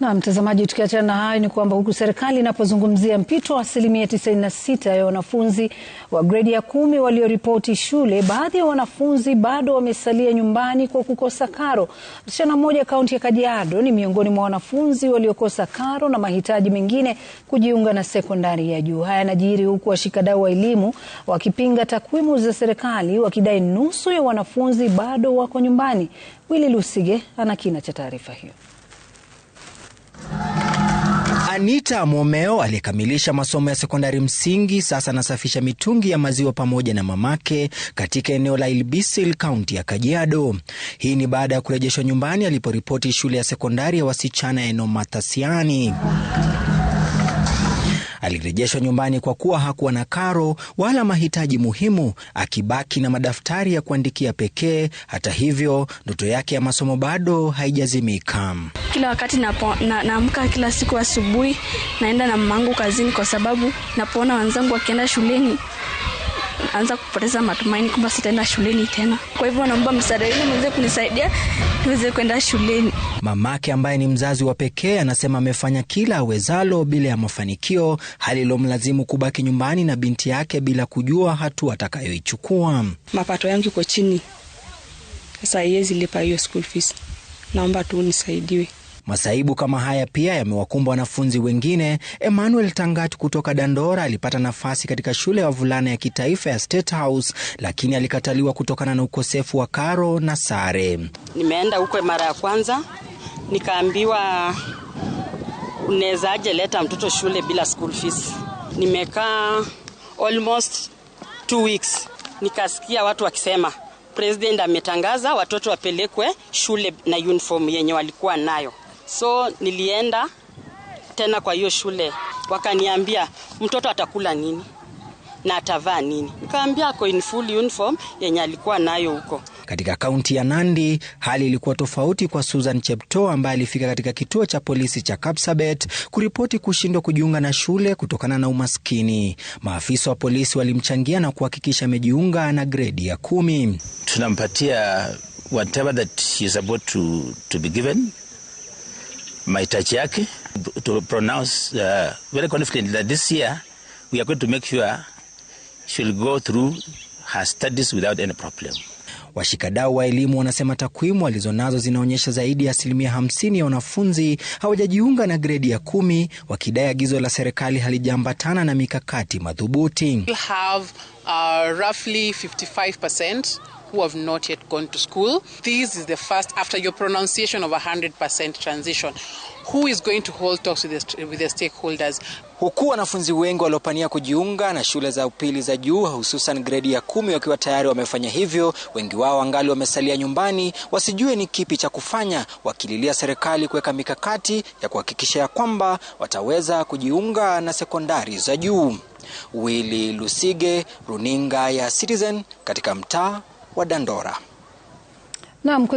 Na mtazamaji, tukiachana na hayo ni kwamba huku serikali inapozungumzia mpito wa asilimia 96 ya wanafunzi wa gredi ya kumi walioripoti shule, baadhi ya wanafunzi bado wamesalia nyumbani kwa kukosa karo. Msichana mmoja kaunti ya Kajiado ni miongoni mwa wanafunzi waliokosa karo na mahitaji mengine kujiunga na sekondari ya juu. Haya yanajiri huku washikadau wa elimu wakipinga takwimu za serikali, wakidai nusu ya wanafunzi bado wako nyumbani. Willy Lusige ana kina cha taarifa hiyo. Anita Momeo aliyekamilisha masomo ya sekondari msingi sasa anasafisha mitungi ya maziwa pamoja na mamake katika eneo la Ilbisil, kaunti ya Kajiado. Hii ni baada ya kurejeshwa nyumbani aliporipoti shule ya sekondari ya wasichana ya Enomatasiani. Alirejeshwa nyumbani kwa kuwa hakuwa na karo wala mahitaji muhimu, akibaki na madaftari ya kuandikia pekee. Hata hivyo, ndoto yake ya masomo bado haijazimika. Kila wakati naamka na, kila siku asubuhi naenda na mamangu kazini, kwa sababu napoona wenzangu wakienda shuleni anza kupoteza matumaini kwamba sitaenda shuleni tena. Kwa hivyo naomba msaada ili mweze kunisaidia niweze kwenda shuleni. Mamake ambaye ni mzazi wa pekee anasema amefanya kila awezalo bila ya mafanikio, hali ilomlazimu kubaki nyumbani na binti yake bila kujua hatua atakayoichukua. Mapato yangu iko chini, sasa iwezi lipa hiyo school fees, naomba tu nisaidiwe. Masaibu kama haya pia yamewakumba wanafunzi wengine. Emmanuel Tangat kutoka Dandora alipata nafasi katika shule ya wavulana ya kitaifa ya State House, lakini alikataliwa kutokana na ukosefu wa karo na sare. Nimeenda huko mara ya kwanza nikaambiwa, unawezaje leta mtoto shule bila school fees? Nimekaa almost two weeks, nikasikia watu wakisema president ametangaza watoto wapelekwe shule na uniform yenye walikuwa nayo. So nilienda tena kwa hiyo shule, wakaniambia mtoto atakula nini na atavaa nini. Nikaambia ako in full uniform yenye alikuwa nayo huko. Katika kaunti ya Nandi hali ilikuwa tofauti kwa Susan chepto ambaye alifika katika kituo cha polisi cha Kapsabet kuripoti kushindwa kujiunga na shule kutokana na umaskini. Maafisa wa polisi walimchangia na kuhakikisha amejiunga na gredi ya kumi. Tunampatia whatever that he is about to, to be given mahitaji yake to pronounce uh, very confident that this year we are going to make sure she'll go through her studies without any problem. Washikadau wa elimu wanasema takwimu walizonazo zinaonyesha zaidi ya asilimia 50 ya wanafunzi hawajajiunga na gredi ya kumi, wakidai agizo la serikali halijaambatana na mikakati madhubuti who is going to hold talks with the, with the stakeholders. Huku wanafunzi wengi waliopania kujiunga na shule za upili za juu hususan gredi ya kumi wakiwa tayari wamefanya hivyo, wengi wao angali wamesalia nyumbani wasijue ni kipi cha kufanya, wakililia serikali kuweka mikakati ya kuhakikisha ya kwamba wataweza kujiunga na sekondari za juu. wili Lusige, runinga ya Citizen katika mtaa wa Dandora. Naam.